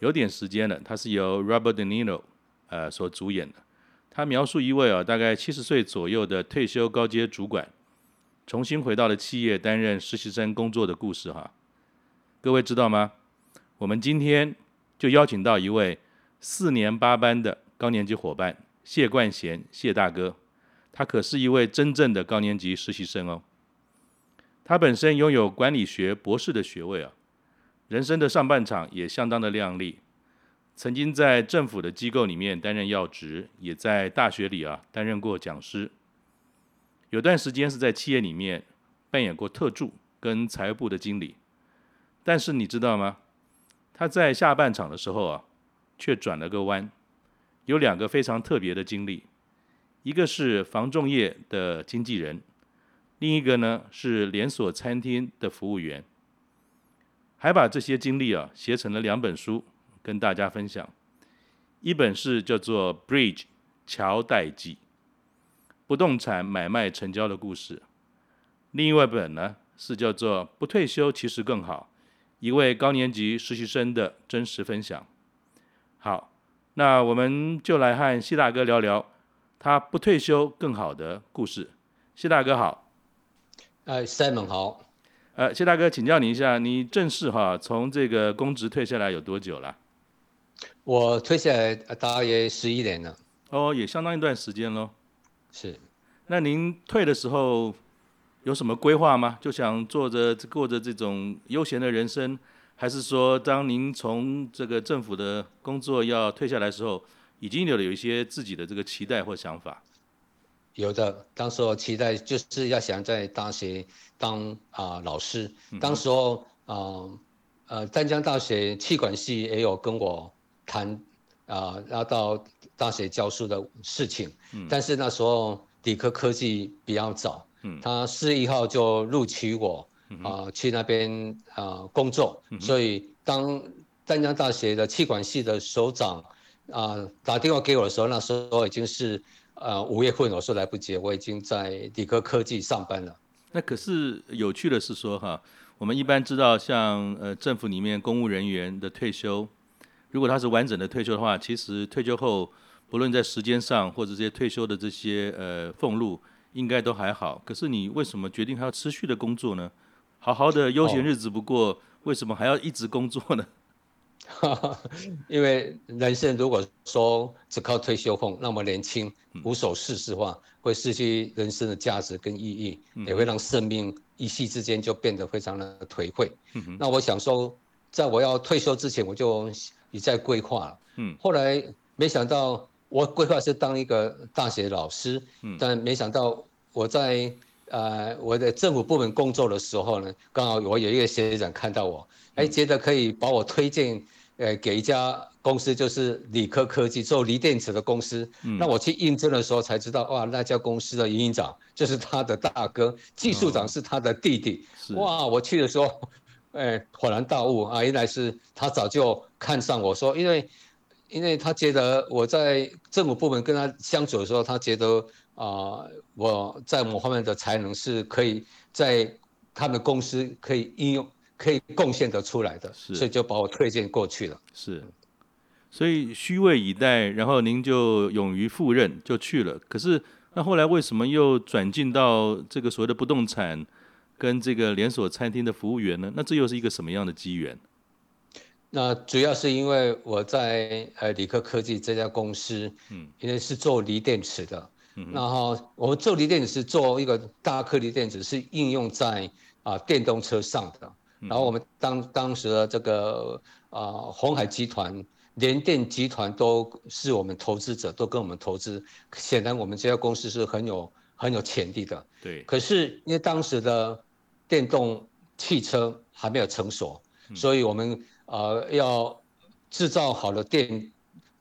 有點時間了，他是由 Robert De Niro 呃，所主演的。他描述一位啊，大概七十歲左右的退休高階主管，重新回到了企業擔任實習生工作的故事哈。各位知道嗎？我們今天就邀請到一位四年八班的高年級伙伴謝冠賢，謝大哥，他可是一位真正的高年級實習生哦。他本身擁有管理學博士的學位啊。人生的上半場也相當的亮麗，曾經在政府的機構裡面擔任要職，也在大學裡啊擔任過講師。有段時間是在企業裡面扮演過特助跟財務部的經理，但是你知道嗎？他在下半場的時候啊，卻轉了個彎，有兩個非常特別的經歷，一個是房仲業的經紀人，另一個呢是連鎖餐廳的服務員。還把這些經歷啊寫成了兩本書，跟大家分享。一本是叫做《Bridge 橋代誌》，不動產買賣成交的故事；另外一本呢是叫做《不退休其實更好》，一位高年級實習生的真實分享。好，那我們就來和謝大哥聊聊他不退休更好的故事。謝大哥好。哎、呃，Simon 好。呃、啊，謝大哥，請教你一下，你正式哈從這個公職退下來有多久了？我退下來大約十一年了。哦，也相當一段時間嘍。是。那您退的時候有什麼規劃嗎？就想做着過着這種悠閒的人生，還是說當您從這個政府的工作要退下來的時候，已經有了有一些自己的這個期待或想法？有的，當時我期待就是要想在大學，當啊、呃、老師、嗯，當時候啊呃，淡、呃、江大學企管系也有跟我談啊，要、呃、到大學教書的事情。嗯，但是那時候底科科技比較早，嗯，他四月一號就錄取我，啊、呃嗯，去那邊啊、呃、工作、嗯。所以當淡江大學的企管系的首長啊、呃、打電話給我的時候，那時候已經是呃五月份，我說來不及，我已經在底科科技上班了。那可是有趣的是說哈，我們一般知道像呃政府裡面公務人員的退休，如果他是完整的退休的話，其實退休後不論在時間上或者這些退休的這些呃俸祿，應該都還好。可是你為什麼決定還要持續的工作呢？好好的悠閒日子不過，哦。為什麼還要一直工作呢？哈哈，因為人生如果說只靠退休俸那麼年輕無所事事的話，會失去人生的價值跟意義，嗯，也會讓生命一夕之間就變得非常的頹廢，嗯。那我想說，在我要退休之前，我就已在規劃了。嗯，後來沒想到我規劃是當一個大學老師，嗯、但沒想到我在呃我的政府部門工作的時候呢，剛好我有一個學長看到我。哎，覺得可以把我推薦，呃，給一家公司，就是理科科技做鋰電池的公司。嗯、那我去應徵的時候才知道，哇，那家公司的營運長就是他的大哥，技術長是他的弟弟、嗯。哇，我去的時候，哎、欸，恍然大悟啊，原來是他早就看上我說，說因為，因為他覺得我在政府部門跟他相處的時候，他覺得啊、呃，我在某方面的才能是可以在他們公司可以應用。可以貢獻得出來的，是，所以就把我推薦過去了。是，所以虛位以待，然後您就勇於赴任，就去了。可是那後來為什麼又轉進到這個所謂的不動產跟這個連鎖餐廳的服務員呢？那這又是一個什麼樣的機緣？那主要是因為我在呃，理科科技這家公司，嗯，因為是做鋰電池的，嗯，然後我們做鋰電池，做一個大顆粒電池是應用在啊電動車上的。然後我們當當時的這個呃鴻海集團、聯電集團都是我們投資者，都跟我們投資。顯然，我們這家公司是很有很有潛力的。對。可是因為當時的電動汽車還沒有成熟，嗯、所以我們呃要製造好的電，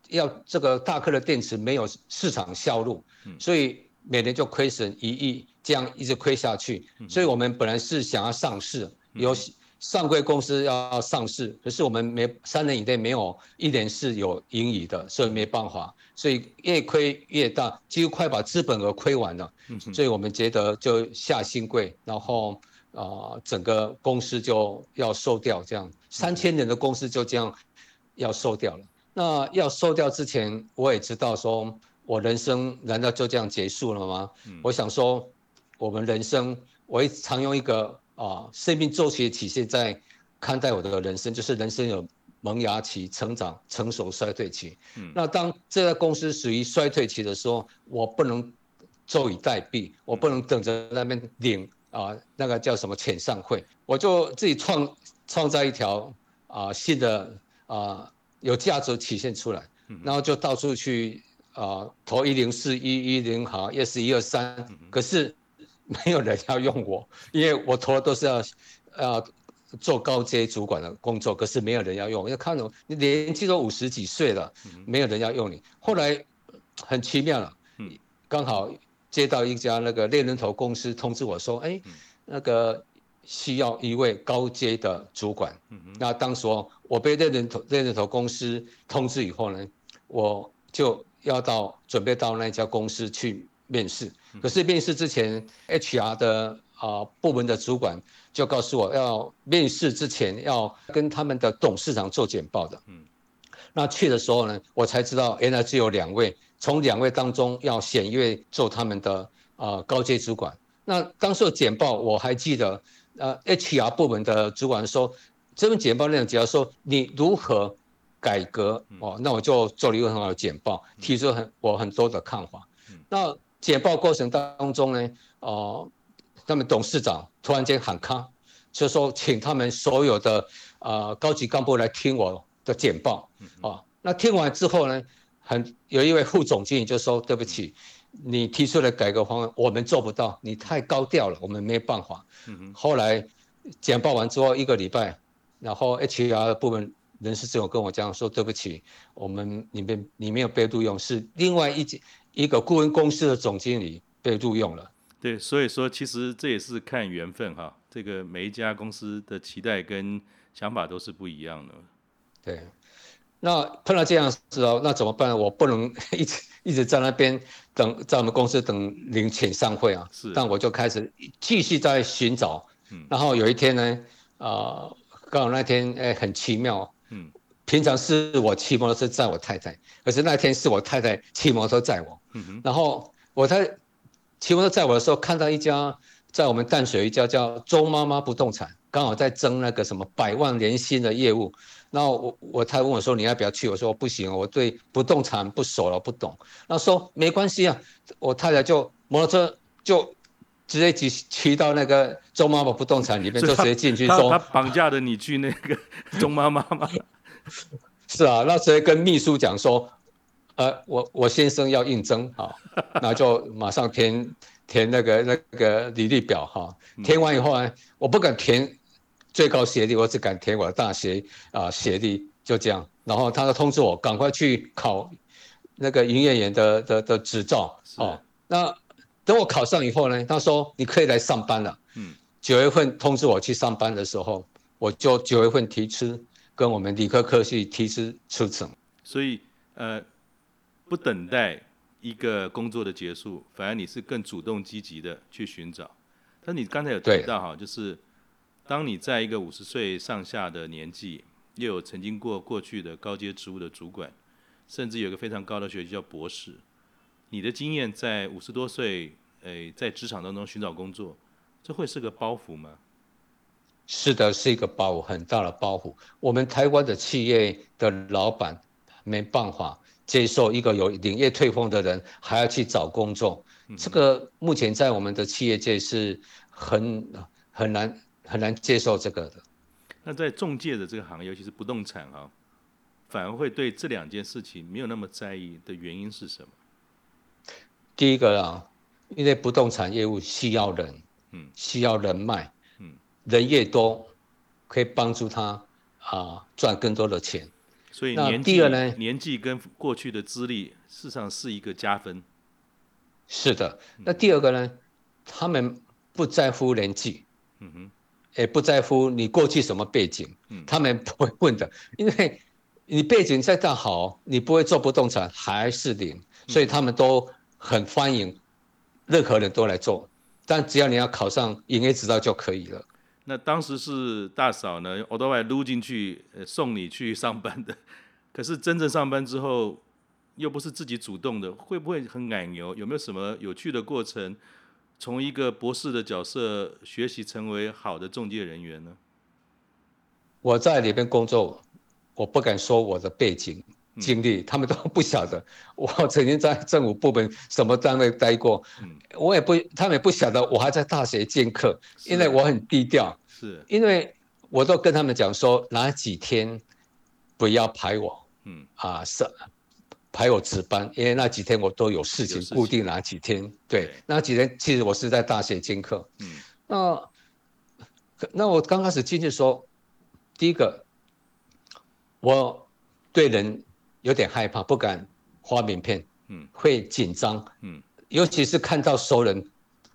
要這個大顆的電池沒有市場銷路，嗯、所以每年就虧損一億，這樣一直虧下去、嗯。所以我們本來是想要上市，嗯、有。上櫃公司要上市，可是我們沒三年以內沒有一年是有盈餘的，所以沒辦法，所以越虧越大，幾乎快把資本額虧完了，嗯。所以我們覺得就下興櫃，然後啊、呃，整個公司就要收掉，這樣三千人的公司就這樣要收掉了。嗯、那要收掉之前，我也知道說我人生難道就這樣結束了嗎？嗯、我想說我們人生，我也常用一個。啊，生命週期體現在看待我的人生，就是人生有萌芽期、成長、成熟、衰退期。嗯、那當這個公司屬於衰退期的時候，我不能坐以待斃、嗯，我不能等着那邊領啊、呃，那個叫什麼遣散費，我就自己創創造一條啊、呃、新的啊、呃、有價值體現出來，然後就到處去啊、呃、投一零四、一一零好1四一二三，可是。沒有人要用我，因為我投的都是要、呃，做高階主管的工作，可是沒有人要用。因為看到你年紀都五十幾歲了、嗯，沒有人要用你。後來很奇妙了、嗯，剛好接到一家那個獵人頭公司通知我說，哎、嗯，那個需要一位高階的主管。嗯嗯、那當時哦，我被獵人頭獵人頭公司通知以後呢，我就要到準備到那家公司去。面試，可是面試之前、嗯、HR 的啊、呃、部門的主管就告訴我，要面試之前要跟他們的董事長做簡報的。嗯，那去的時候呢，我才知道，原來只有兩位，從兩位當中要選一位做他們的啊、呃、高階主管。那當時的簡報，我還記得，呃，HR 部門的主管說，這份簡報內容只要說你如何改革哦，那我就做了一個很好的簡報，提出很我很多的看法。嗯、那簡報過程當中呢，哦、呃，他們董事長突然間喊卡，就說請他們所有的啊、呃、高級幹部來聽我的簡報啊、嗯哦。那聽完之後呢，很有一位副總經理就說、嗯、對不起，你提出的改革方案我們做不到，你太高調了，我們沒辦法、嗯。後來簡報完之後一個禮拜，然後 HR 部門人事總跟我講說對不起，我們你沒你沒有被錄用，是另外一件一個顧問公司的總經理被錄用了，對，所以說其實這也是看緣分哈、啊。這個每一家公司的期待跟想法都是不一樣的，對。那碰到這樣的時候，那怎麼辦呢？我不能一直一直在那邊等，在我們公司等領請上會啊。是。但我就開始繼續在尋找、嗯，然後有一天呢，啊、呃，剛好那天哎、欸，很奇妙。平常是我騎摩托車載我太太，可是那天是我太太騎摩托車載我、嗯。然後我太騎摩托車載我的時候，看到一家在我們淡水一家叫周媽媽不動產，剛好在爭那個什麼百萬年薪的業務。然後我我太太問我說：“你要不要去？”我說：“不行，我對不動產不熟了，我不懂。”然後那說沒關係啊，我太太就摩托車就直接騎騎到那個周媽媽不動產裡面，就直接進去說。他綁架的你去那個周媽媽嗎？ 是啊，那時候跟秘書講說，呃，我我先生要應徵啊，那就馬上填填那個那個履歷表哈。填完以後呢，我不敢填最高學歷，我只敢填我的大學啊學歷，就這樣。然後他就通知我趕快去考那個營業員的的的執照哦。那等我考上以後呢，他說你可以來上班了。嗯，九月份通知我去上班的時候，我就九月份提出。跟我們理科科系提實出診，所以呃，不等待一個工作的結束，反而你是更主動積極的去尋找。但你剛才有提到哈，就是當你在一個五十歲上下的年紀，又有曾經過過去的高階職務的主管，甚至有一個非常高的學歷，叫博士，你的經驗在五十多歲誒、呃，在職場當中尋找工作，這會是個包袱嗎？是的，是一個包袱，很大的包袱。我們台灣的企業的老闆沒辦法接受一個有領月退俸的人還要去找工作，這個目前在我們的企業界是很很難很難接受這個的。那在仲介的這個行業，尤其是不動產啊、哦，反而會對這兩件事情沒有那麼在意的原因是什麼？第一個啊，因為不動產業務需要人，嗯，需要人脈。人越多，可以幫助他啊賺、呃、更多的錢。所以年，那第二呢，年紀跟過去的資歷，事實上是一個加分。是的。那第二個呢，嗯、他們不在乎年紀，嗯哼，也不在乎你過去什麼背景，嗯、他們不會問的，因為你背景再大好，你不會做不動產還是零。所以他們都很歡迎任何人都來做，嗯、但只要你要考上營業執照就可以了。那當時是大嫂呢，額外擼進去，呃，送你去上班的。可是真正上班之後，又不是自己主動的，會不會很彆扭？有沒有什麼有趣的過程？從一個博士的角色學習，成為好的仲介人員呢？我在裡邊工作，我不敢說我的背景、經歷、嗯，他們都不曉得我曾經在政府部門什麼單位待過，嗯、我也不，他們也不曉得我還在大學兼課，因為我很低調，是因為我都跟他們講說哪幾天不要排我，嗯，啊是排我值班，因為那幾天我都有事情，事情固定哪幾天，對，對那幾天其實我是在大學兼課。嗯，那那我剛開始進去說，第一個我對人。有點害怕，不敢發名片，嗯，會緊張，嗯，尤其是看到熟人，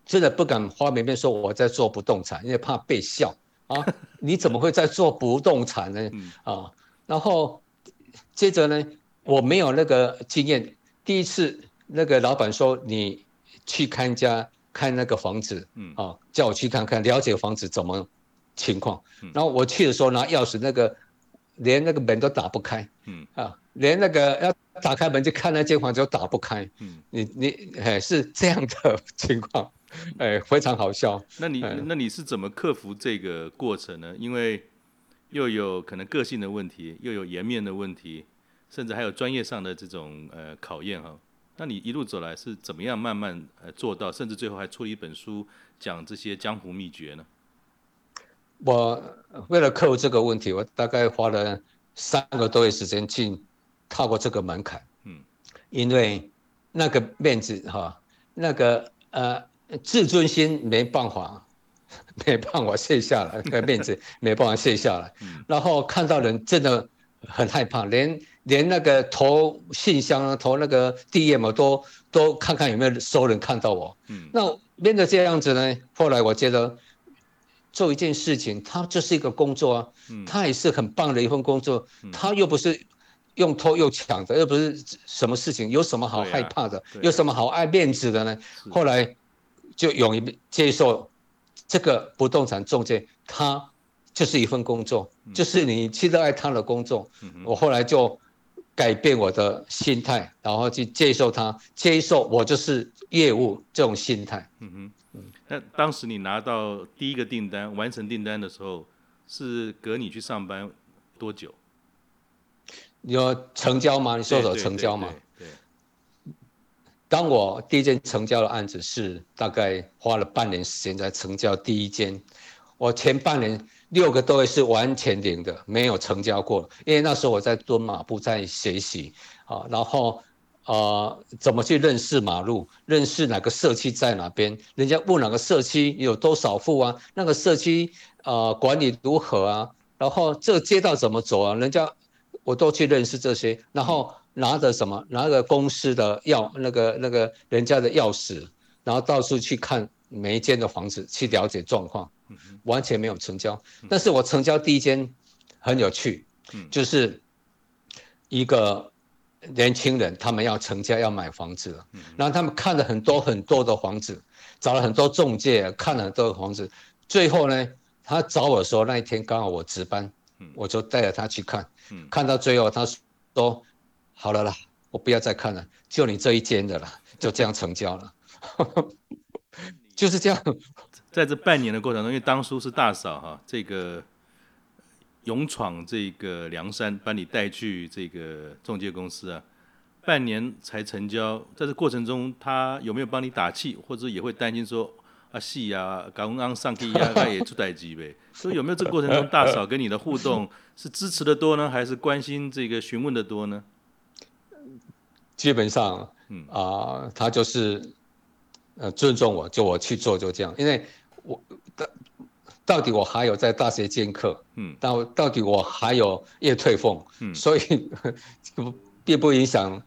真的不敢發名片，說我在做不動產，因為怕被笑啊， 你怎麼會在做不動產呢？嗯、啊，然後接着呢，我沒有那個經驗，第一次那個老闆說，你去看家看那個房子，嗯，啊，叫我去看看了解房子怎麼情況，然後我去的時候拿鑰匙那個。連那個門都打不開，嗯啊，連那個要打開門去看那間房子都打不開，嗯，你你，哎，是這樣的情況，哎，非常好笑。那你、哎、那你是怎麼克服這個過程呢？因為又有可能個性的問題，又有顏面的問題，甚至還有專業上的這種呃考驗哈。那你一路走來是怎麼樣慢慢呃做到，甚至最後還出了一本書講這些江湖祕訣呢？我為了克服這個問題，我大概花了三個多月時間，去踏過這個門檻。嗯，因為那個面子哈、啊，那個呃自尊心沒辦法，沒辦法卸下來，那個面子沒辦法卸下來。 然後看到人真的很害怕，連連那個投信箱、投那個 DM 嘛，都都看看有沒有熟人看到我。嗯。 那變得這樣子呢？後來我覺得。做一件事情，他就是一個工作啊，它他也是很棒的一份工作，嗯、他又不是用偷又搶的、嗯，又不是什麼事情，有什麼好害怕的？啊啊、有什麼好愛面子的呢？啊、後來就勇於接受這個不動產中介，他就是一份工作，嗯、就是你去熱愛他的工作、嗯。我後來就改變我的心態、嗯，然後去接受他，接受我就是業務這種心態。嗯那、嗯、當時你拿到第一個訂單，完成訂單的時候，是隔你去上班多久？有成交嗎？你說說成交嗎？對，對。當我第一件成交的案子是大概花了半年時間在成交第一件。我前半年六個多月是完全零的，沒有成交過，因為那時候我在蹲馬步在學習啊，然後。啊、呃，怎麼去認識馬路？認識哪個社區在哪邊？人家問哪個社區有多少戶啊？那個社區啊、呃，管理如何啊？然後這街道怎麼走啊？人家我都去認識這些，然後拿着什麼？拿着公司的鑰，那個那個人家的鑰匙，然後到處去看每一間的房子，去了解狀況，完全沒有成交。但是我成交第一間很有趣，嗯，就是一個。年輕人他們要成家要買房子，然後他們看了很多很多的房子，找了很多中介，看了很多的房子，最後呢，他找我說，那一天剛好我值班，我就帶着他去看，嗯嗯，看到最後他說好了啦，我不要再看了，就你這一間的啦，就這樣成交了，嗯、 就是這樣，在這半年的過程中，因為當初是大嫂哈，這個。勇闖這個梁山，把你帶去這個中介公司啊，半年才成交，在這過程中，他有沒有幫你打氣，或者也會擔心說啊，戲啊，剛剛上 K 啊，他也出代機唄？ 所以有沒有這個過程中，大嫂跟你的互動是支持的多呢， 還是關心這個詢問的多呢？基本上，啊、呃，他就是呃尊重我，就我去做就這樣，因為我但，他到底我還有在大學兼課。嗯，到到底我還有月退俸，嗯，嗯，所以並不影響啊、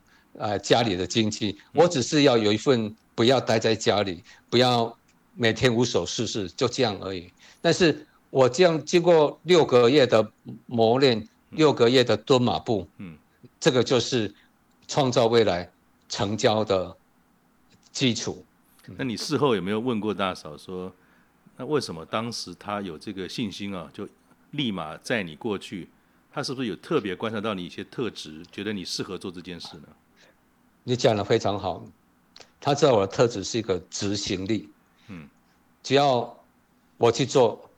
呃、家裡的經濟。我只是要有一份，不要待在家裡，不要每天無所事事，就這樣而已，嗯。但是我這樣經過六個月的磨練，六個月的蹲馬步，嗯，嗯，這個就是創造未來成交的基礎，嗯。那你事後有沒有問過大嫂說，那為什麼當時他有這個信心啊？就立馬載你過去。他是不是有特別觀察到你一些特質，覺得你適合做這件事呢？你講得非常好。他知道我的特質是一個執行力。嗯。只要我去做，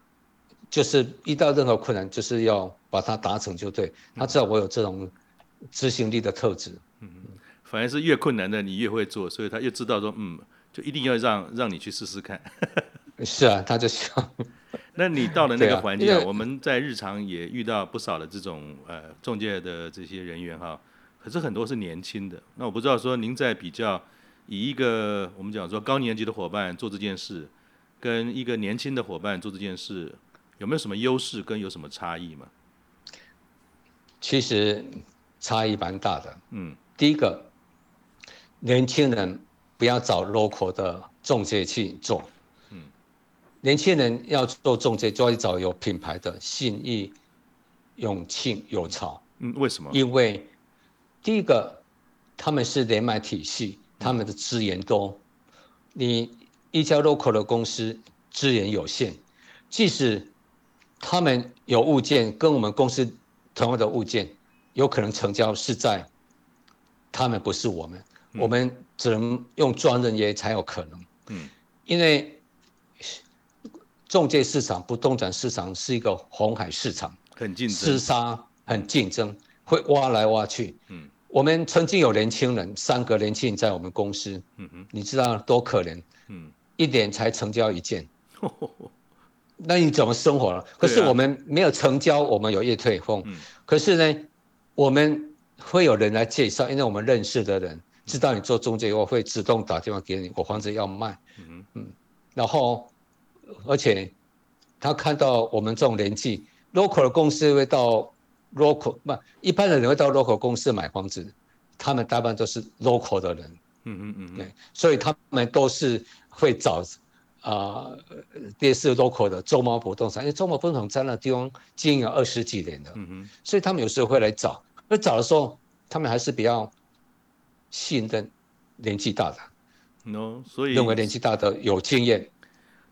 就是遇到任何困難，就是要把它達成就對。他知道我有這種執行力的特質。嗯，反而是越困難的你越會做，所以他越知道說，嗯，就一定要讓讓你去試試看。 是啊，他就是、笑。那你到了那個環境、啊，我們在日常也遇到不少的這種呃中介的這些人員哈，可是很多是年輕的。那我不知道說您在比較以一個我們講說高年級的伙伴做這件事，跟一個年輕的伙伴做這件事，有沒有什麼優勢跟有什麼差異嗎？其實差異蠻大的。嗯，第一個，年輕人不要找 local 的中介去做。年輕人要做中介，就要找有品牌的信義、永慶、有巢。嗯，為什麼？因為第一個，他們是聯賣體系，他們的資源多。你一家 local 的公司資源有限，即使他們有物件跟我們公司同樣的物件，有可能成交是在他們，不是我們。我們只能用專人也才有可能。嗯，因為。仲介市場、不動產市場是一個紅海市場，很競爭，廝殺很競爭，會挖來挖去。嗯，我們曾經有年輕人，三個年輕人在我們公司。嗯嗯，你知道多可憐？嗯，一年才成交一件，呵呵呵那你怎麼生活了、啊？可是我們沒有成交，我們有月退俸、嗯。可是呢，我們會有人來介紹，因為我們認識的人知道你做仲介以後，會自動打電話給你，我房子要賣。嗯嗯，然後。而且他看到我們這種年紀，local 的公司會到 local，不，一般的人會到 local 公司買房子，他們大半都是 local 的人，嗯嗯嗯，嗯對，所以他們都是會找啊，類、呃、是 local 的中茂不動產，因為中茂不動產在那地方經營二十幾年了，嗯，嗯嗯，所以他們有時候會來找，那找的時候，他們還是比較信任年紀大的，no，所以認為年紀大的有經驗，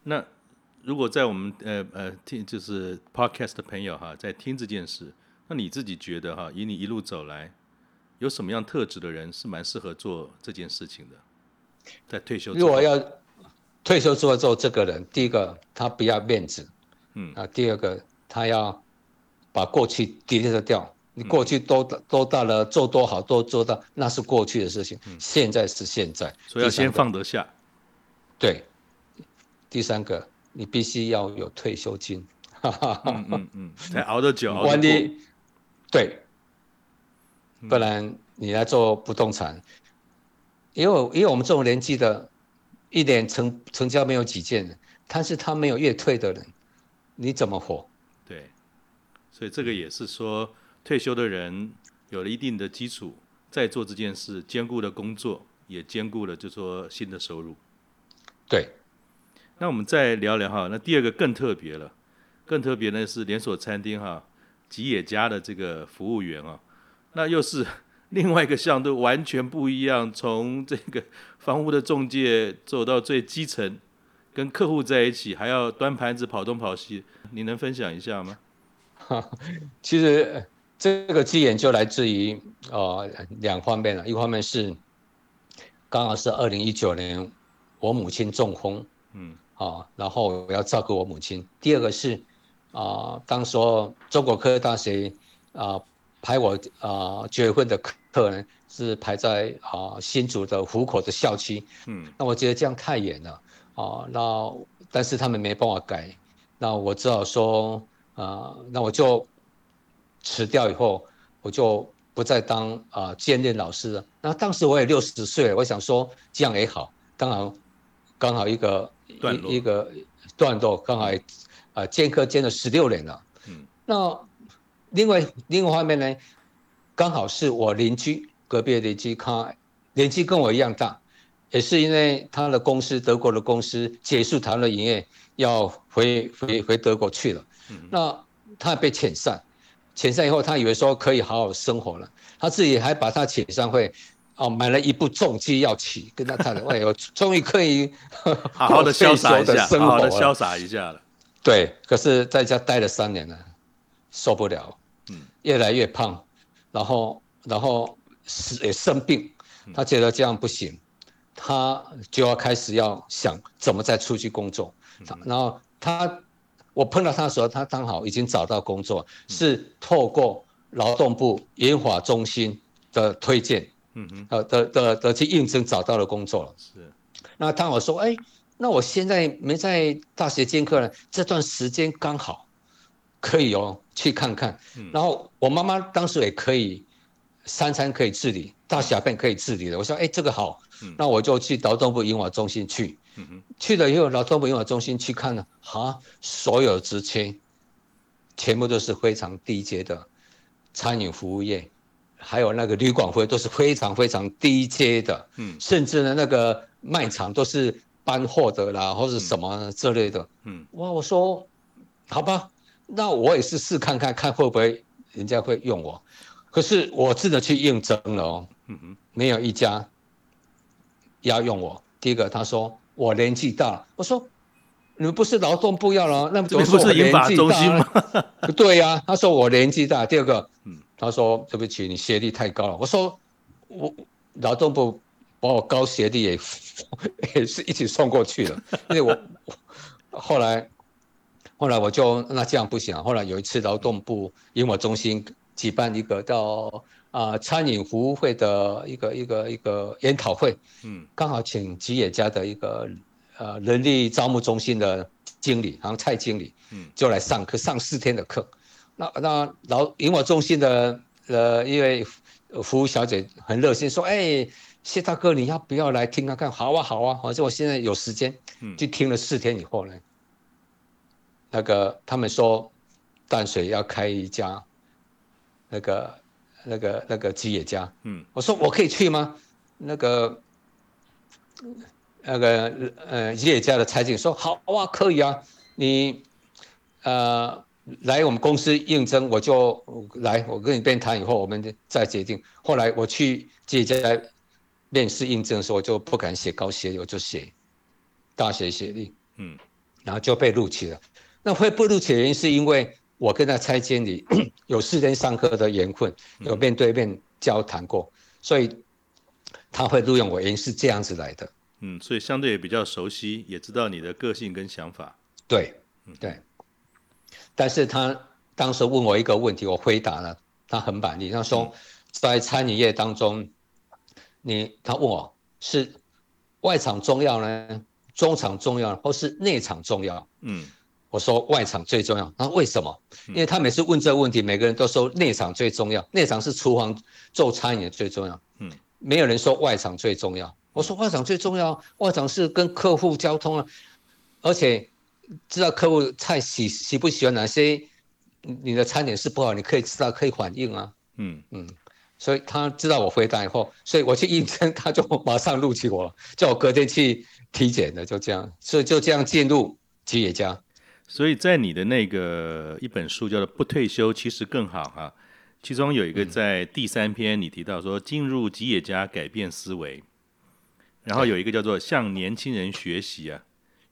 那。如果在我們呃呃聽就是 podcast 的朋友哈，在聽這件事,那你自己覺得哈，以你一路走來，有什麼樣特質的人是蠻適合做這件事情的？在退休，如果要退休之後做這個人，第一個他不要面子，嗯，啊，第二個他要把過去抵掉掉，你過去多大多大了，做多好都做到，那是過去的事情，嗯、現在是現在，所以要先放得下，對，第三個。你必須要有退休金，哈 嗯嗯，嗯，才熬得久。得久對、嗯，不然你來做不動產，因為因為我們這種年紀的，一年成成交沒有幾件，但是他沒有月退的人，你怎麼活？對，所以這個也是說，退休的人有了一定的基礎，在做這件事，兼顧了工作，也兼顧了就是說新的收入，對。那我們再聊聊哈，那第二個更特別了，更特別呢是連鎖餐廳哈吉野家，的這個服務員啊，那又是另外一個向度完全不一樣，從這個房屋的中介走到最基層，跟客戶在一起，還要端盤子跑東跑西，你能分享一下嗎？其實這個吉野就來自於哦兩方面了，一方面是剛好是二零一九年我母親中風，嗯。啊，然後我要照顧我母親。第二個是，啊、呃，當時中國科技大學啊、呃、排我啊、呃、結婚的客人是排在啊、呃、新竹的湖口的校區。嗯，那我覺得這樣太遠了啊、呃。那但是他們沒辦法改，那我只好說啊、呃，那我就辭掉以後，我就不再當啊兼、呃、任老師了。那當時我也六十歲，我想說這樣也好，剛好剛好一個。段落一個段落，剛好，啊、呃，兼課兼了十六年了。嗯，那另外另外一方面呢，剛好是我鄰居，隔壁鄰居，他年紀跟我一樣大，也是因為他的公司，德國的公司結束台灣的營業，要回回回德國去了。嗯，那他被遣散，遣散以後，他以為說可以好好生活了，他自己還把他遣散會。哦，買了一部重機要騎，跟他談的， 哎呦，我終於可以 好好的瀟灑一下， 好好的瀟灑一下了。對，可是在家待了三年了，受不了，嗯，越來越胖，然後然後也生病，他覺得這樣不行，嗯，他就要開始要想怎麼再出去工作，嗯。然後他，我碰到他的時候，他剛好已經找到工作，嗯，是透過勞動部研發中心的推薦。嗯嗯，呃，的的的，的去應徵找到了工作了，是。那他我說，哎、欸，那我現在沒在大學兼課了，這段時間剛好可以哦去看看。嗯、然後我媽媽當時也可以，三餐可以自理，大小便可以自理的。我說，哎、欸，這個好，嗯、那我就去勞動部引網中心去。嗯去了以後，勞動部引網中心去看了，啊，所有職缺全部都是非常低階的餐飲服務業。還有那個旅館會都是非常非常低階的，嗯，甚至呢，那個賣場都是搬貨的啦，嗯、或者什麼之類的嗯，嗯，哇，我說，好吧，那我也是試看看看會不會人家會用我，可是我只能去應徵了哦，嗯哼，沒有一家要用我。第一個他說我年紀大了，我說你們不是勞動部要了，那麼你們不是銀髮中心嗎？ 對呀、啊，他說我年紀大。第二個，嗯。他說：“對不起，你學歷太高了。”我說：“我勞動部把我高學歷也 也是一起送過去了。”因為我後來後來我就那這樣不行，啊。後來有一次勞動部因為我中心舉辦一個到啊、呃、餐飲服務會的一個一個一個研討會，嗯，剛好請吉野家的一個呃人力招募中心的經理，然後蔡經理，嗯，就來上課，上四天的課。那那老引我中心的呃一位服務小姐很熱心說，哎、欸，謝大哥你要不要來聽啊？看好啊好啊，好像、啊啊、我現在有時間，就聽了四天以後呢，嗯、那個他們說淡水要開一家那個那個那個那個吉野家，嗯，我說我可以去嗎？那個那個呃吉野家的裁警說好啊，可以啊，你呃。來我們公司應徵，我就來，我跟你面談以後，我們再決定。後來我去姐姐面試應徵的時候，我就不敢寫高學歷，我就寫大學學歷，嗯，然後就被錄取了。那會不錄取的原因是因為我跟他蔡經理有四天上課的緣分，有面對面交談過，嗯，所以他會錄用我，原因是這樣子來的，嗯，所以相對也比較熟悉，也知道你的個性跟想法，對，嗯，對。但是他當時問我一個問題，我回答了，他很滿意。他說，在餐飲業當中，嗯、你他問我是外場重要呢，中場重要，或是內場重要？嗯，我說外場最重要。他說為什麼、嗯？因為他每次問這個問題，每個人都說內場最重要，內場是廚房做餐飲最重要。嗯，沒有人說外場最重要。我說外場最重要，外場是跟客戶交通啊，而且。知道客戶菜喜喜不喜歡哪些？你的餐點是不好，你可以知道，可以反映啊。嗯嗯，所以他知道我回答以後，所以我去應徵，他就馬上錄取我，叫我隔天去體檢的，就這樣，所以就這樣進入吉野家。所以在你的那個一本書叫做《不退休其實更好》啊哈，其中有一個在第三篇你提到說進入吉野家改變思維、嗯，然後有一個叫做向年輕人學習啊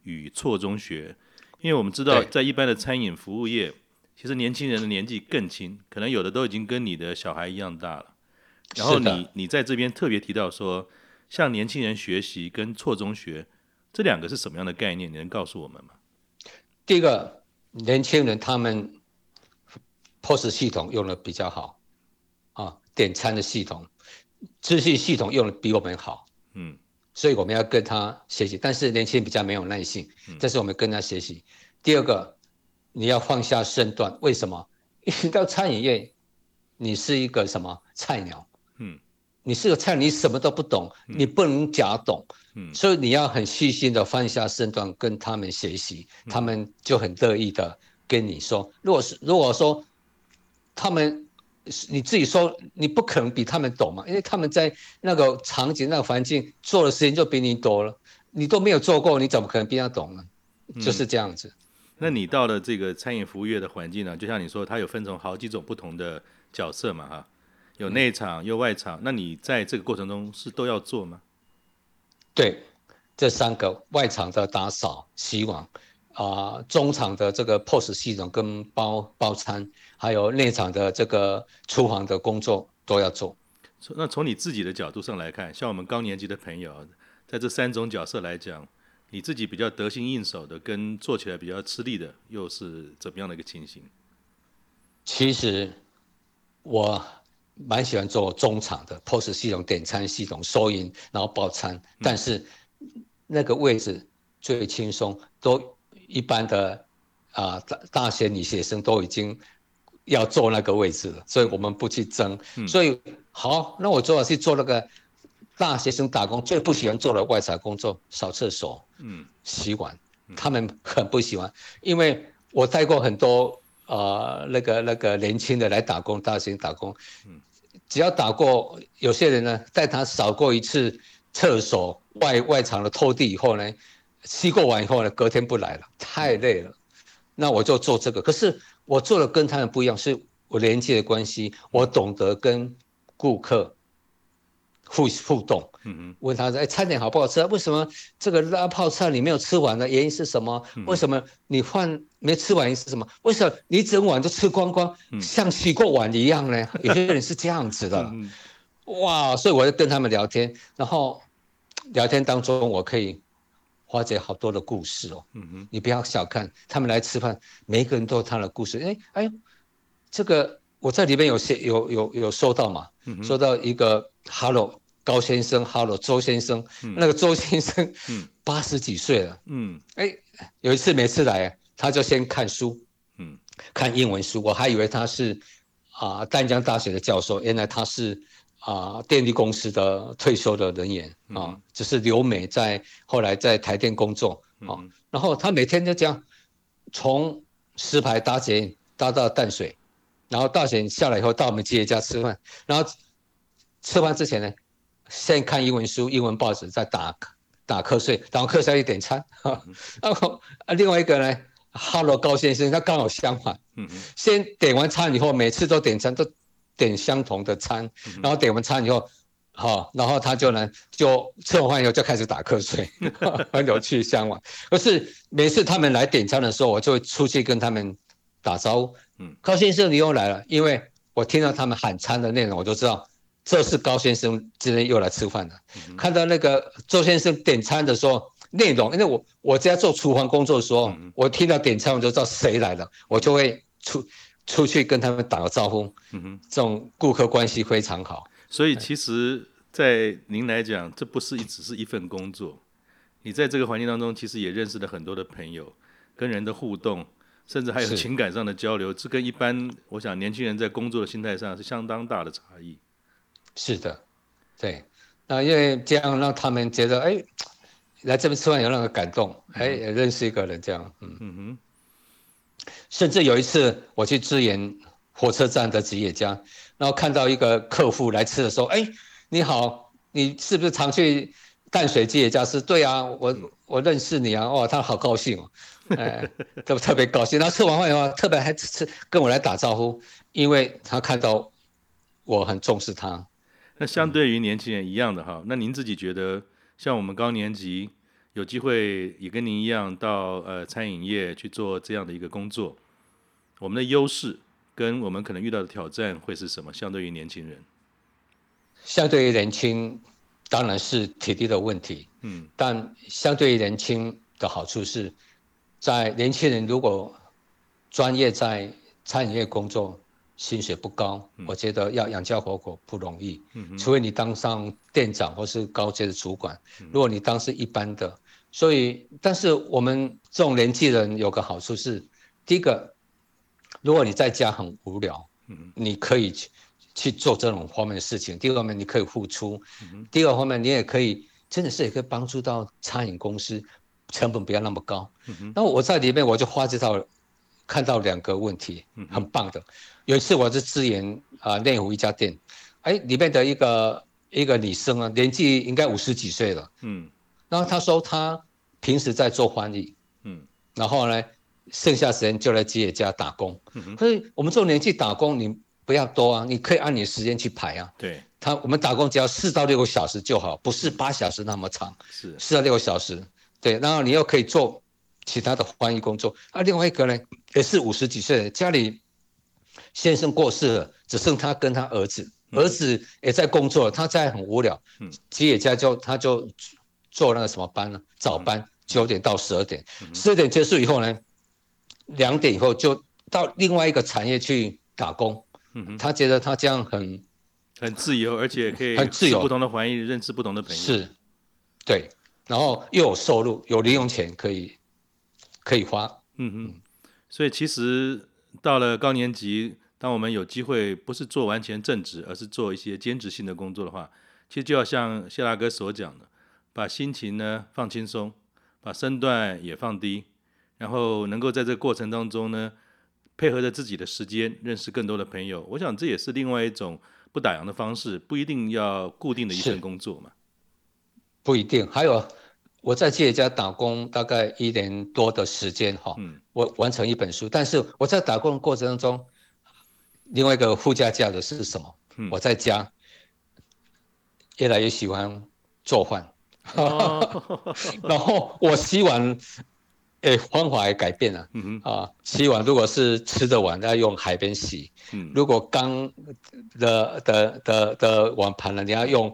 與錯中學。因為我們知道，在一般的餐飲服務業，其實年輕人的年紀更輕，可能有的都已經跟你的小孩一樣大了。然後你你在這邊特別提到說，向年輕人學習跟錯中學，這兩個是什麼樣的概念？你能告訴我們嗎？第一個，年輕人他們 POS 系統用得比較好，啊，點餐的系統、資訊系統用得比我們好，嗯。所以我們要跟他學習，但是年輕人比較沒有耐性，這是我們跟他學習、嗯。第二個，你要放下身段，為什麼？一到餐飲業，你是一個什麼菜鳥？嗯，你是個菜，你什麼都不懂、嗯，你不能假懂。嗯，所以你要很細心的放下身段跟他們學習、嗯，他們就很樂意的跟你說。如果是如果說他們。你自己說，你不可能比他們懂嘛，因為他們在那個場景、那個環境做的時間就比你多了，你都沒有做過，你怎麼可能比他懂呢、嗯？就是這樣子。那你到了這個餐飲服務業的環境呢？就像你說，它有分成好幾種不同的角色嘛，哈，有內場、有外場。那你在這個過程中是都要做嗎？對，這三個外場的打掃、洗碗。啊、呃，中場的這個 POS 系統跟包包餐，還有內場的這個廚房的工作都要做。那從你自己的角度上來看，像我們高年級的朋友，在這三種角色來講，你自己比較得心應手的，跟做起來比較吃力的，又是怎麼樣的一個情形？其實我蠻喜歡做中場的 POS 系統、點餐系統、收銀，然後包餐。嗯。但是那個位置最輕鬆都。一般的啊大、呃、大學女學生都已經要坐那個位置了，所以我們不去爭。嗯、所以好，那我做的是做那個大學生打工最不喜歡做的外場工作，掃廁所，嗯，洗碗、嗯，他們很不喜歡。因為我帶過很多啊、呃、那個那個年輕的來打工，大學生打工，只要打過有些人呢，帶他掃過一次廁所、外外場的拖地以後呢。洗過碗以後呢，隔天不來了，太累了。那我就做這個，可是我做的跟他們不一樣，是我年紀的關係，我懂得跟顧客互互動。嗯，問他說：“哎、欸，餐點好不好吃？為什麼這個辣泡菜你沒有吃完呢？原因是什麼？為什麼你飯沒吃完？是什麼？為什麼你整碗都吃光光，像洗過碗一樣呢？” 有些人是這樣子的、 嗯。哇，所以我就跟他們聊天，然後聊天當中我可以。花姐好多的故事哦，嗯嗯你不要小看他們來吃飯，每一個人都有他的故事。誒哎哎，這個我在裡面有些有有有收到嘛嗯嗯，收到一個 Hello 高先生，Hello 周先生、嗯，那個周先生、嗯、八十幾歲了，嗯，哎有一次每次來他就先看書，嗯，看英文書，我還以為他是啊、呃、淡江大學的教授，原來他是。啊，電力公司的退休的人員啊，mm -hmm. 就是留美在後來在台電工作啊，mm -hmm. 然後他每天就這樣從石牌搭捷運搭到淡水，然後大船下來以後到我們吉野家吃飯，然後吃飯之前呢，先看英文書、英文報紙，再打打瞌睡，然後課下去點餐。啊，mm -hmm. 然後啊另外一個呢，哈、mm、羅 -hmm. 高先生他剛好相反，mm -hmm. 先點完餐以後，每次都點餐都。點相同的餐，然後點完餐以後，好、嗯哦、然後他就能就吃完飯以後就開始打瞌睡， 很有趣，嚮往。可 是每次他們來點餐的時候，我就會出去跟他們打招呼，嗯、高先生你又來了，因為我聽到他們喊餐的內容，我就知道這是高先生今天又來吃飯了、嗯。看到那個周先生點餐的時候內容，因為我我在做廚房工作，的時候，我聽到點餐我就知道誰來了，我就會出。出去跟他們打個招呼，嗯哼，這種顧客關係非常好。所以其實，在您來講、哎，這不是一，只是一份工作，你在這個環境當中，其實也認識了很多的朋友，跟人的互動，甚至還有情感上的交流，這跟一般，我想年輕人在工作的心態上是相當大的差異。是的，對，那因為這樣讓他們覺得，哎、欸，來這邊吃飯有那個感動，哎、嗯，欸、也認識一個人這樣，嗯，嗯哼。甚至有一次我去支援火車站的吉野家，然後看到一個客戶來吃的時候，哎、欸，你好，你是不是常去淡水吉野家吃？對啊，我我認識你啊，哇，他好高興哦，哎、欸，特特別高興。然後吃完飯以後，特別還跟我來打招呼，因為他看到我很重視他。那相對於年輕人一樣的哈、嗯，那您自己覺得像我們高年級有機會也跟您一樣到呃餐飲業去做這樣的一個工作？我們的優勢跟我們可能遇到的挑戰會是什麼？相對於年輕人，相對於年輕，當然是體力的問題。嗯，但相對於年輕的好處是，在年輕人如果專業在餐飲業工作，薪水不高，嗯，我覺得要養家活口不容易。嗯，除非你當上店長或是高級的主管。嗯。如果你當時一般的，所以但是我們這種年紀的人有個好處是，第一個。如果你在家很無聊，嗯、你可以去去做這種方面的事情。第二個方面，你可以付出，嗯、第二個方面，你也可以真的是也可以幫助到餐飲公司，成本不要那麼高。嗯、那我在裡面我就發覺到，看到兩個問題，很棒的。嗯、有一次我是支援啊內湖一家店，哎、欸，裡面的一個一個女生啊，年紀應該五十幾歲了，嗯，然後她說她平時在做翻譯，嗯，然後呢，剩下時間就來吉野家打工。嗯。所以我們這種年紀打工，你不要多啊，你可以按你時間去排啊。對。他我們打工只要四到六個小時就好，不是八小時那麼長。是。四到六個小時。對。然後你又可以做其他的翻譯工作。啊，另外一個呢，也是五十幾歲，家裡先生過世了，只剩他跟他兒子，嗯、兒子也在工作了，他在很無聊。嗯。吉野家就他就做那個什麼班呢？早班，九點到十二點。嗯。十二點結束以後呢？兩點以後就到另外一個產業去打工，嗯哼，他覺得他這樣很很自由，而且可以很自由，不同的環境認識不同的朋友，是。對，然後又有收入，有零用錢可以可以花，嗯嗯。所以其實到了高年級，當我們有機會不是做完全正職，而是做一些兼職性的工作的話，其實就要像謝大哥所講的，把心情呢放輕鬆，把身段也放低。然後能夠在這個過程當中呢，配合着自己的時間，認識更多的朋友，我想這也是另外一種不打烊的方式，不一定要固定的一份工作嘛。不一定。還有我在吉野家打工大概一年多的時間哈、哦嗯，我完成一本書，但是我在打工的過程當中，另外一個附加價值是什麼？嗯、我在家越來越喜歡做飯，哦、 然後我洗碗。哎、欸，方法也改變了。嗯哼，啊，洗碗如果是吃的碗，要用海綿洗，嗯，如果剛的的的的，的碗盤了，你要用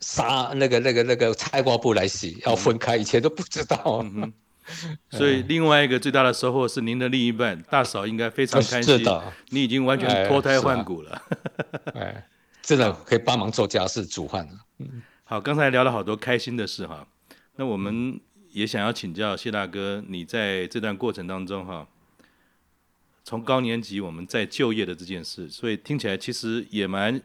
沙那個那個那個菜瓜布來洗，嗯、要分開。以前都不知道。嗯哼，嗯哼 所以另外一個最大的收穫是您的另一半大嫂應該非常開心、嗯的，你已經完全脫胎換骨了。哎，啊、 哎，真的可以幫忙做家事煮飯了。嗯，好，剛才聊了好多開心的事哈、啊，那我們、嗯。也想要請教謝大哥，你在這段過程當中哈、啊，從高年級我們再就業的這件事，所以聽起來其實也蠻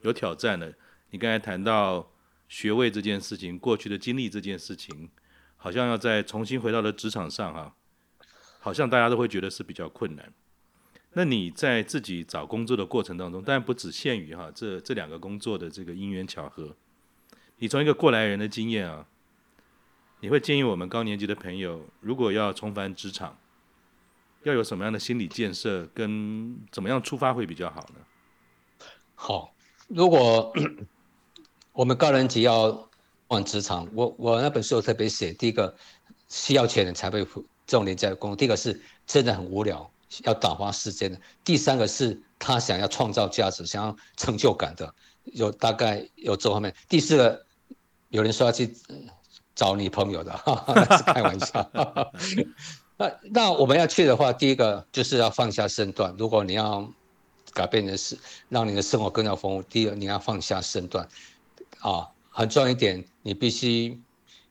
有挑戰的。你剛才談到學位這件事情，過去的經歷這件事情，好像要再重新回到了職場上哈、啊，好像大家都會覺得是比較困難。那你在自己找工作的過程當中，當然不只限於哈、啊、這這兩個工作的這個因緣巧合，你從一個過來人的經驗啊。你會建議我們高年級的朋友，如果要重返職場，要有什麼樣的心理建設跟怎麼樣出發會比較好呢？好，如果 我們高年級要往職場，我我那本書有特別寫，第一個需要錢的人才會這種廉價的工作，第一個是真的很無聊，要打發時間的，第三個是他想要創造價值，想要成就感的，有大概有這方面，第四個有人說要去。找女朋友的哈，哈是開玩笑。 那那我們要去的話，第一個就是要放下身段。如果你要改變你的事讓你的生活更加豐富，第二你要放下身段。啊，很重要一點，你必須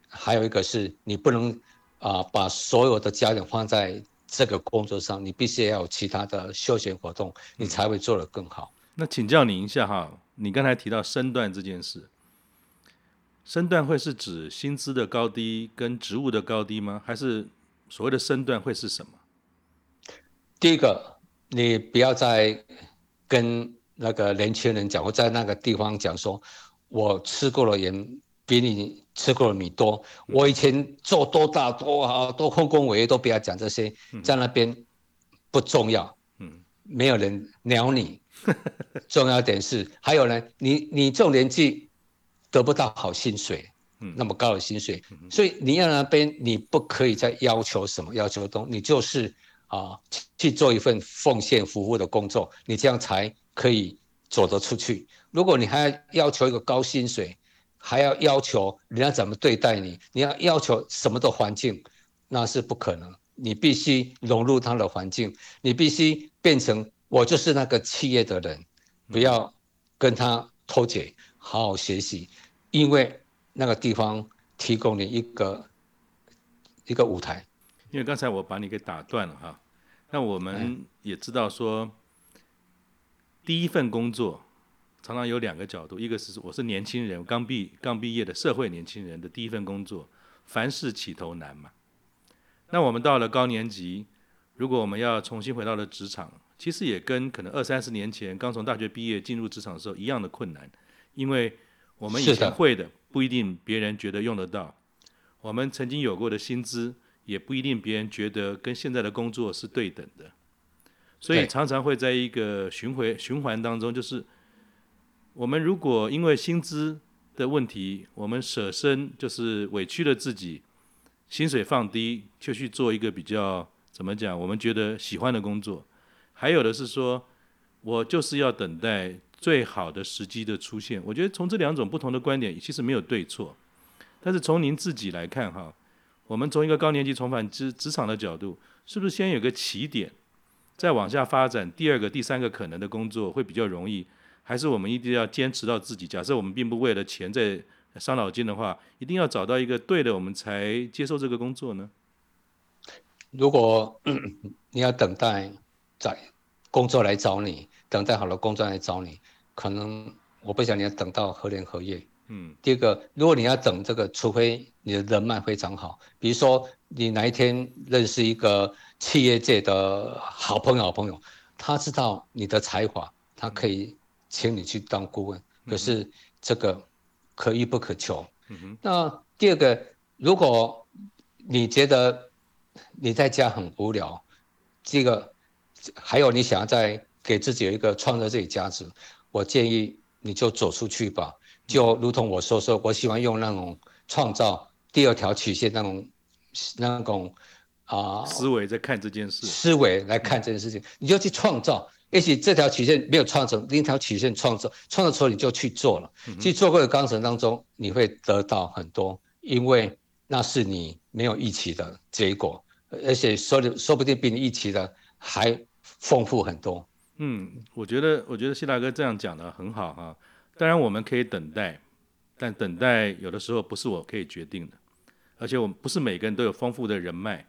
還有一個是，你不能啊、呃、把所有的焦點放在這個工作上，你必須要有其他的休閒活動，你才會做得更好。嗯、那請教你一下哈，你剛才提到身段這件事。身段會是指薪資的高低跟職務的高低嗎？還是所謂的身段會是什麼？第一個，你不要再跟那個年輕人講，或在那個地方講，說我吃過了鹽，比你吃過了米多，嗯。我以前做多大多好，多轟轟烈烈都不要講這些，嗯、在那邊不重要。嗯，沒有人鳥你。重要一點是， 還有呢，你你這種年紀。得不到好薪水，嗯，那麼高的薪水，所以你要那邊你不可以再要求什麼要求東，你就是啊、呃、去做一份奉獻服務的工作，你這樣才可以走得出去。如果你還要求一個高薪水，還要要求人家怎麼對待你，你要要求什麼的環境，那是不可能。你必須融入他的環境，你必須變成我就是那個企業的人，不要跟他脫節。嗯好好學習，因為那個地方提供你一個一個舞台。因為剛才我把你給打斷了哈、啊，那我們也知道說，第一份工作常常有兩個角度，一個是我是年輕人，剛畢剛畢業的社會年輕人的第一份工作，凡事起頭難嘛。那我們到了高年級，如果我們要重新回到了職場，其實也跟可能二三十年前剛從大學畢業進入職場的時候一樣的困難。因為我們以前會的、的不一定別人覺得用得到，我們曾經有過的薪資也不一定別人覺得跟現在的工作是對等的，所以常常會在一個循迴循環當中，就是我們如果因為薪資的問題，我們捨身就是委屈了自己，薪水放低，就去做一個比較怎麼講我們覺得喜歡的工作，還有的是說，我就是要等待。最好的時機的出現，我覺得從這兩種不同的觀點其實沒有對錯，但是從您自己來看哈，我們從一個高年級重返職職場的角度，是不是先有個起點，再往下發展？第二個、第三個可能的工作會比較容易，還是我們一定要堅持到自己？假設我們並不為了錢在傷腦筋的話，一定要找到一個對的，我們才接受這個工作呢？如果你要等待找工作來找你，等待好了工作來找你，可能我不想你要等到何年何月，嗯，第一個，如果你要等這個，除非你的人脈非常好，比如說你哪一天認識一個企業界的好朋友，好朋友，他知道你的才華，他可以請你去當顧問、嗯。可是這個可遇不可求、嗯。那第二個，如果你覺得你在家很無聊，這個還有你想要再給自己有一個創造自己價值。我建議你就走出去吧，就如同我說說，我喜歡用那種創造第二條曲線那種，那種啊、呃、思維在看這件事，思維來看這件事情，你就去創造，也許這條曲線沒有創造，另一條曲線創造，創造出來你就去做了，去做過的過程當中，你會得到很多，因為那是你沒有預期的結果，而且說說不定比你預期的還豐富很多。嗯，我覺得我覺得謝大哥這樣講的很好哈、啊。當然我們可以等待，但等待有的時候不是我可以決定的，而且我們不是每個人都有豐富的人脈，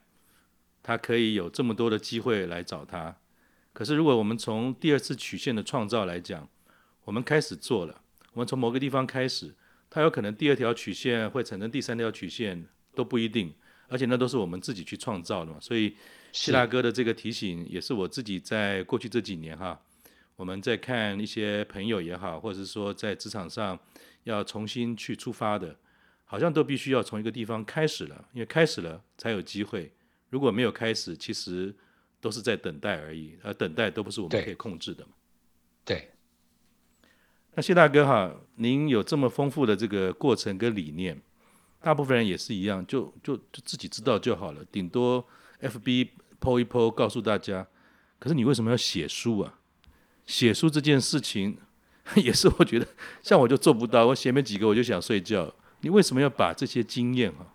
他可以有這麼多的機會來找他。可是如果我們從第二次曲線的創造來講，我們開始做了，我們從某個地方開始，它有可能第二條曲線會產生第三條曲線都不一定，而且那都是我們自己去創造的嘛，所以。謝大哥的這個提醒，也是我自己在過去這幾年哈，我們在看一些朋友也好，或者是說在職場上要重新去出發的，好像都必須要從一個地方開始了，因為開始了才有機會。如果沒有開始，其實都是在等待而已，而等待都不是我們可以控制的嘛。對，對。那謝大哥哈，您有這麼豐富的這個過程跟理念，大部分人也是一樣，就就就自己知道就好了，頂多 FB。剖一剖，告訴大家。可是你為什麼要寫書啊？寫書這件事情，也是我覺得，像我就做不到。我寫沒幾個，我就想睡覺。你為什麼要把這些經驗啊？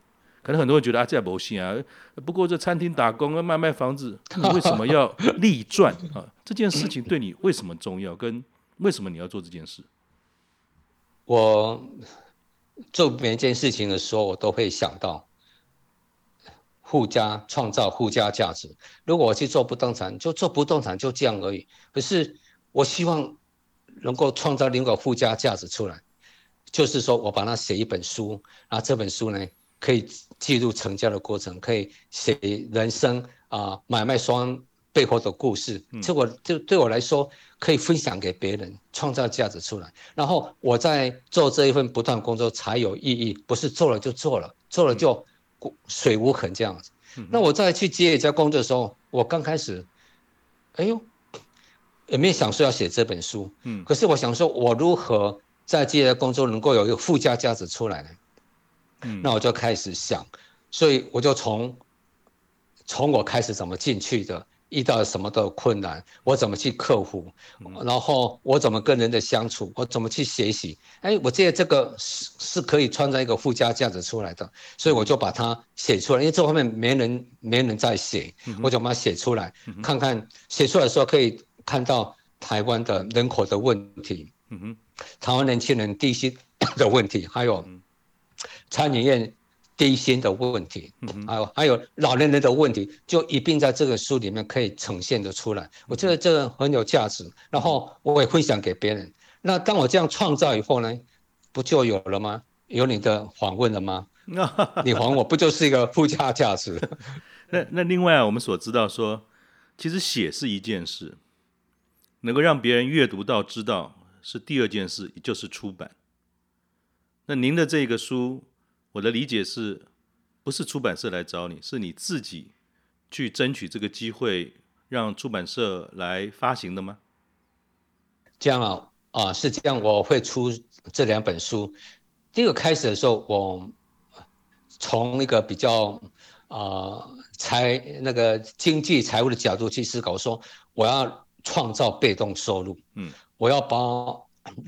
可能很多人覺得啊，這樣不行啊。不過這餐廳打工啊，賣賣房子，你為什麼要立傳啊？ 這件事情對你為什麼重要？跟為什麼你要做這件事？我做每一件事情的時候，我都會想到。附加創造附加價值。如果我去做不動產，就做不動產就這樣而已。可是，我希望能夠創造另一個附加價值出來，就是說我把它寫一本書，那這本書呢，可以記錄成交的過程，可以寫人生啊、呃、買賣雙背後的故事。結、嗯、果就，就對我來說，可以分享給別人，創造價值出來。然後我在做這一份不斷工作才有意義，不是做了就做了，嗯、做了就。水無痕這樣子，那我再去接一家工作的時候，嗯、我剛開始，哎呦，也沒有想說要寫這本書、嗯，可是我想說，我如何在接下來工作能夠有一個附加價值出來呢、嗯？那我就開始想，所以我就從，從我開始怎麼進去的。遇到什麼的困難，我怎麼去克服，嗯？然後我怎麼跟人的相處？我怎麼去學習？哎，我覺、這、得、個、這個是是可以創造一個附加價值出來的，所以我就把它寫出來，因為這方面沒人沒人在寫、嗯，我就把它寫出來，嗯，看看寫出來的時候可以看到台灣的人口的問題，嗯哼，台灣年輕人低薪的問題，還有餐飲業。低薪的問題，還有還有老年人，人的問題，就一併在這個書裡面可以呈現得出來。我覺得這個很有價值，然後我也分享給別人。那當我這樣創造以後呢，不就有了嗎？有你的訪問了嗎？ 你還我不就是一個附加價值？ 那那另外我們所知道說，其實寫是一件事，能夠讓別人閱讀到知道是第二件事，也就是出版。那您的這個書。我的理解是，不是出版社來找你，是你自己去爭取這個機會，讓出版社來發行的嗎？這樣啊啊、呃，是這樣。我會出這兩本書。第一個開始的時候，我從那個比較啊、呃、財那個經濟財務的角度去思考說，說我要創造被動收入。嗯，我要把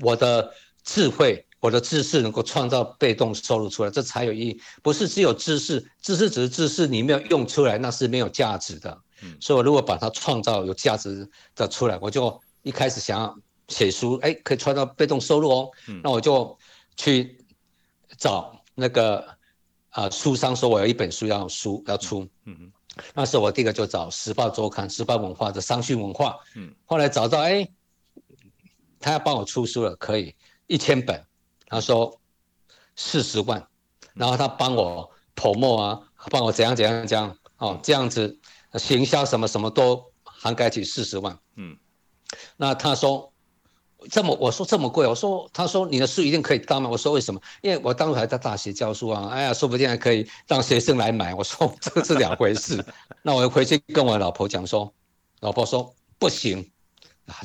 我的智慧。我的知識能夠創造被動收入出來，這才有意義。不是只有知識，知識只是知識，你沒有用出來，那是沒有價值的。嗯，所以我如果把它創造有價值的出來，我就一開始想要寫書，哎、欸，可以創造被動收入哦、嗯。那我就去找那個啊、呃、書商，說我有一本書要書要出。嗯嗯，那時候我第一個就找《時報周刊》《時報文化》的商訊文化。嗯，後來找到，哎、欸，他要幫我出書了，可以一千本。他說四十萬，然後他幫我 promote 啊，幫我怎樣怎樣這樣哦這樣子，行銷什麼什麼都涵蓋起四十萬，嗯，那他說這麼我說這麼貴，我說他說你的書一定可以當嗎？我說為什麼？因為我當時還在大學教書啊，哎呀，說不定還可以讓學生來買。我說這是兩回事。 那我回去跟我老婆講說，老婆說不行，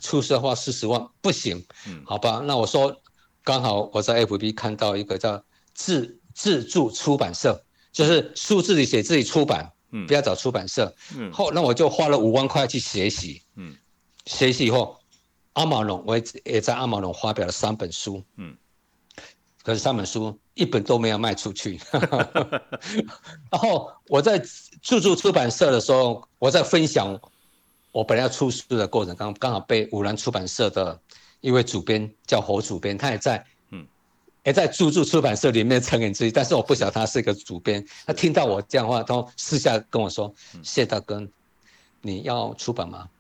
出書的話四十萬不行，嗯，好吧，那我說。剛好我在 FB 看到一個叫自自助出版社，就是書自己寫自己出版，嗯，不要找出版社，然、嗯、後那我就花了五萬塊去學習，學、嗯、習以後，阿馬龍我也在阿馬龍發表了三本書，嗯、可是三本書一本都沒有賣出去， 然後我在自助出版社的時候，我在分享我本來要出書的過程，剛剛好被五南出版社的，一位主編叫侯主編，他也在，嗯，也在住住出版社裡面成員之一，但是我不曉得他是一個主編。他聽到我這樣的話，他私下跟我說、嗯：“謝大哥，你要出版嗎？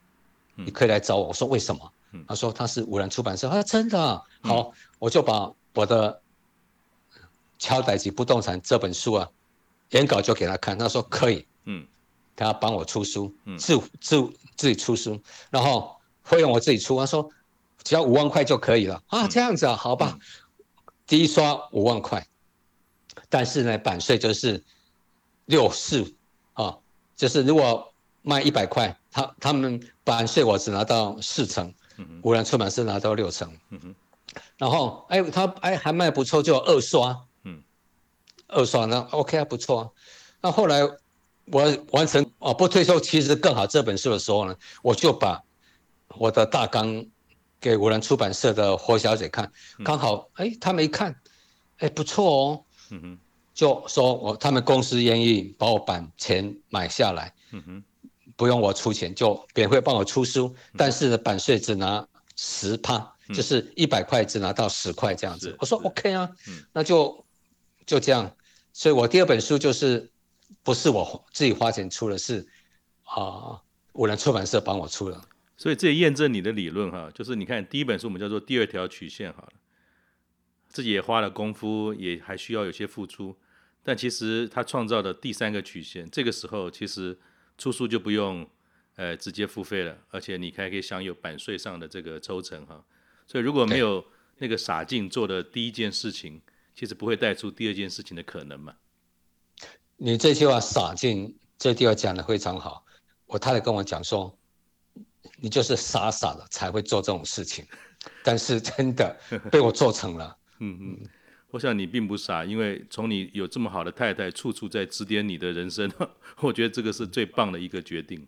嗯、你可以來找我。”我說：“為什麼？”嗯、他說：“他是五南出版社。”他說：“真的、啊。嗯”好，我就把我的《橋代誌不動產》這本書啊，原稿就給他看。他說：“可以。”嗯，他要幫我出書，自自自，自己出書，然後費用我自己出。他說。只要五萬塊就可以了啊，這樣子啊，好吧。嗯、第一刷五萬塊，但是呢，版稅就是六四啊，就是如果賣一百塊，他他們版稅我只拿到四成，嗯嗯，無人出版社拿到六成，嗯哼，然後哎，他哎還賣不錯，就二刷，嗯，二刷呢，OK 啊，不錯、啊。那後來我完成哦，不退休其實更好這本書的時候呢，我就把我的大綱。給五南出版社的何小姐看，剛、嗯、好，哎、欸，他們一看，哎、欸，不錯哦，嗯、哼，就說我他們公司願意把我版權買下來，嗯、哼，不用我出錢，就編會幫我出書，嗯、但是版稅只拿十趴、嗯，就是一百塊只拿到十塊這樣子、嗯，我說 OK 啊，那就就這樣，所以我第二本書就是不是我自己花錢出的是，是、呃、啊，五南出版社幫我出的。所以這也驗證你的理論哈，就是你看第一本書我們叫做第二條曲線好了，自己也花了功夫，也還需要有些付出，但其實他創造的第三個曲線，這個時候其實出書就不用，呃，直接付費了，而且你還可以享有版稅上的這個抽成哈。所以如果沒有那個傻勁做的第一件事情，其實不會帶出第二件事情的可能嘛。你這句話傻勁這地方講得非常好，我太太跟我講說。你就是傻傻的才會做這種事情，但是真的被我做成了。 嗯嗯，我想你並不傻，因為從你有這麼好的太太，處處在指點你的人生，我覺得這個是最棒的一個決定。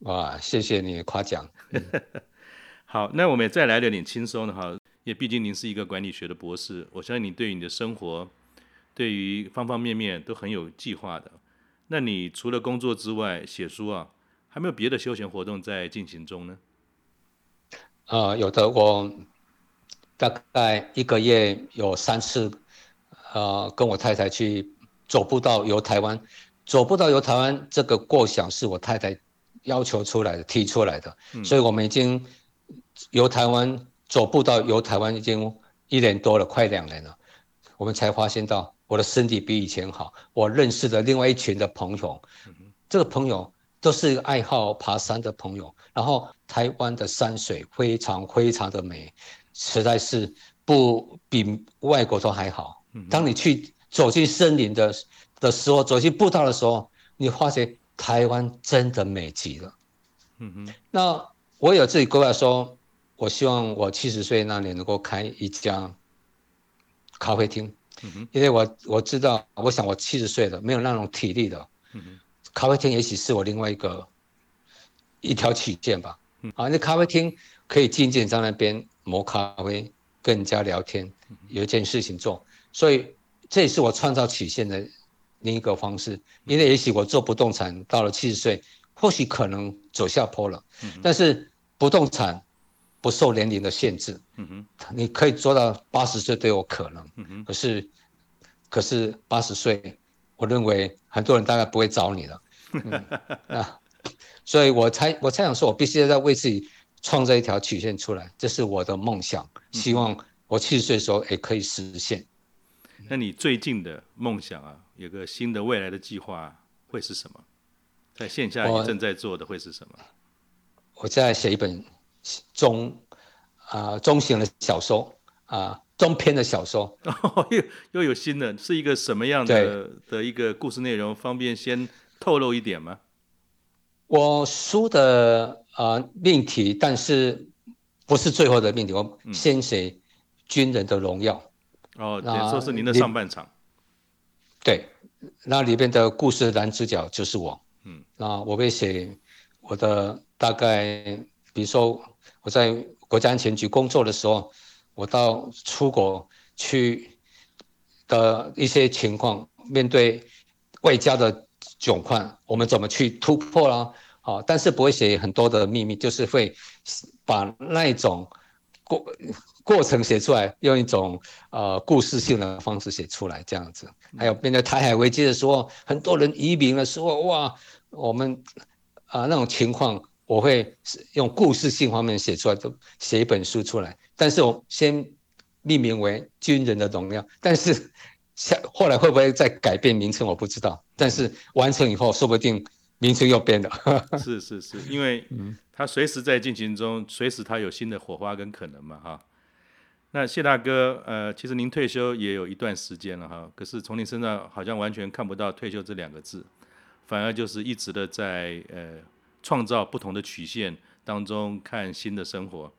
哇，謝謝你誇獎。 好，那我們也再來點輕鬆的哈，也畢竟您是一個管理學的博士，我相信你對於你的生活，對於方方面面都很有計劃的。那你除了工作之外，寫書啊，還沒有別的休閒活動在進行中呢？呃，有的，我大概一個月有三次，呃，跟我太太去走步道遊台灣。走步道遊台灣這個過想是我太太要求出來的、提出來的，嗯、所以我們已經遊台灣走步道遊台灣已經一年多了，快兩年了。我們才發現到我的身體比以前好，我認識了另外一群的朋友，嗯、這個朋友。都是愛好爬山的朋友，然後台灣的山水非常非常的美，實在是不比外國都還好。當你去走進森林的的時候，走進步道的時候，你發現台灣真的美極了。嗯哼，那我有自己規劃說，我希望我七十歲那年能夠開一家咖啡廳。嗯哼，因為我我知道，我想我七十歲的沒有那種體力的。嗯哼咖啡廳也許是我另外一個一條曲線吧。嗯、啊，那咖啡廳可以靜靜在那邊磨咖啡，跟人家聊天，有一件事情做，所以這也是我創造曲線的另一個方式。嗯、因為也許我做不動產到了七十歲，或許可能走下坡了。嗯嗯，但是不動產不受年齡的限制，嗯，嗯你可以做到八十歲都有可能。嗯，嗯可是可是八十歲。我認為很多人大概不會找你了，嗯 啊，所以我才我才想說，我必須要再為自己創造一條曲線出來，這是我的夢想，希望我七十歲的時候也可以實現。嗯嗯、那你最近的夢想啊，有個新的未來的計劃、啊、會是什麼？在現下你正在做的會是什麼？我，我現在寫一本中啊、呃、中型的小說啊。呃中篇的小說，又、哦、又有新的，是一個什麼樣的的一個故事內容？方便先透露一點嗎？我書的啊、呃、命題，但是不是最後的命題？我先寫軍人的榮耀、嗯，哦，也就是說是您的上半場，對，那裡邊的故事男主角就是我，嗯，那我會寫我的大概，比如說我在國家安全局工作的時候。我到出國去的一些情況，面對外交的窘況，我們怎麼去突破啦？啊，但是不會寫很多的秘密，就是會把那一種過過程寫出來，用一種呃故事性的方式寫出來，這樣子。還有，面對台海危機的時候，很多人移民的時候，哇，我們啊那種情況，我會用故事性方面寫出來，就寫一本書出來。但是我先命名為軍人的榮耀，但是下後來會不會再改變名稱，我不知道。但是完成以後，說不定名稱又變了。 是是是，因為他隨時在進行中，隨時他有新的火花跟可能嘛哈。那謝大哥，呃，其實您退休也有一段時間了哈，可是從你身上好像完全看不到退休這兩個字，反而就是一直的在呃創造不同的曲線當中看新的生活。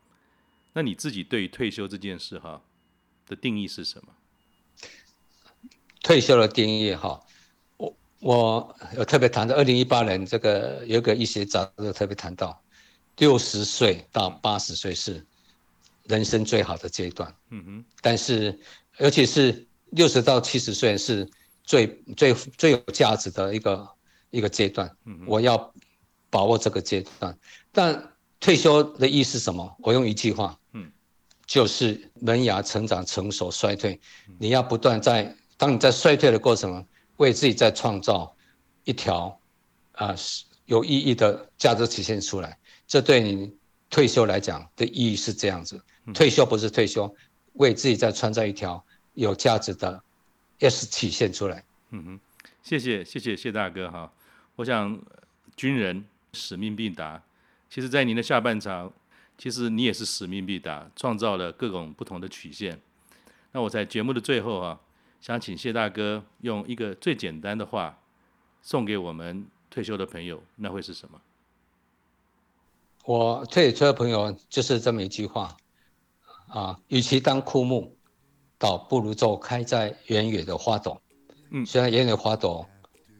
那你自己對於退休這件事哈的定義是什麼？退休的定義哈、哦，我我有特別談到，二零一八年，這個有一個醫學雜誌特別談到，六十歲到八十歲是人生最好的階段，嗯哼，但是尤其是六十到七十歲是最最最有價值的一個一個階段，嗯哼，我要把握這個階段，但。退休的意義是什麼？我用一句話，嗯，就是萌芽、成長、成熟、衰退，你要不斷在。當你在衰退的過程，為自己在創造一條，啊、呃，有意義的價值曲線出來。這對你退休來講的意義是這樣子。嗯、退休不是退休，為自己在創造一條有價值的 S 曲線出來。嗯哼，謝謝謝謝，謝謝大哥哈。我想，軍人使命必達。其實，在您的下半場，其實你也是使命必達，創造了各種不同的曲線。那我在節目的最後啊，想請謝大哥用一個最簡單的話送給我們退休的朋友，那會是什麼？我退休的朋友就是這麼一句話啊，與其當枯木，倒不如做開在原野的花朵。嗯，雖然原野花朵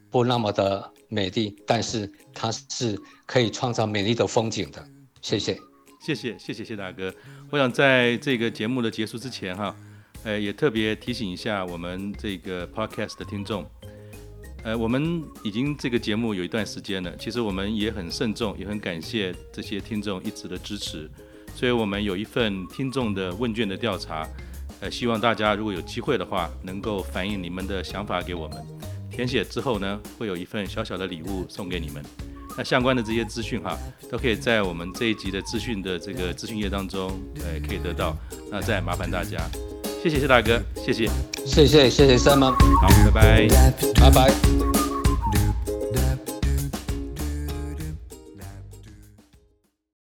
不那麼的。美麗，但是它是可以創造美麗的風景的。謝謝，謝謝，謝謝謝大哥。我想在這個節目的結束之前，哈，呃，也特別提醒一下我們這個 podcast 的聽眾，呃，我們已經這個節目有一段時間了，其實我們也很慎重，也很感謝這些聽眾一直的支持。所以我們有一份聽眾的問卷的調查，呃，希望大家如果有機會的話，能夠反映你們的想法給我們。填寫之後呢，會有一份小小的禮物送給你們。那相關的這些資訊哈，都可以在我們這一集的資訊的這個資訊頁當中，呃，可以得到。那再麻煩大家，謝謝謝大哥，謝謝，謝謝謝謝三毛，好，拜拜，拜拜。拜拜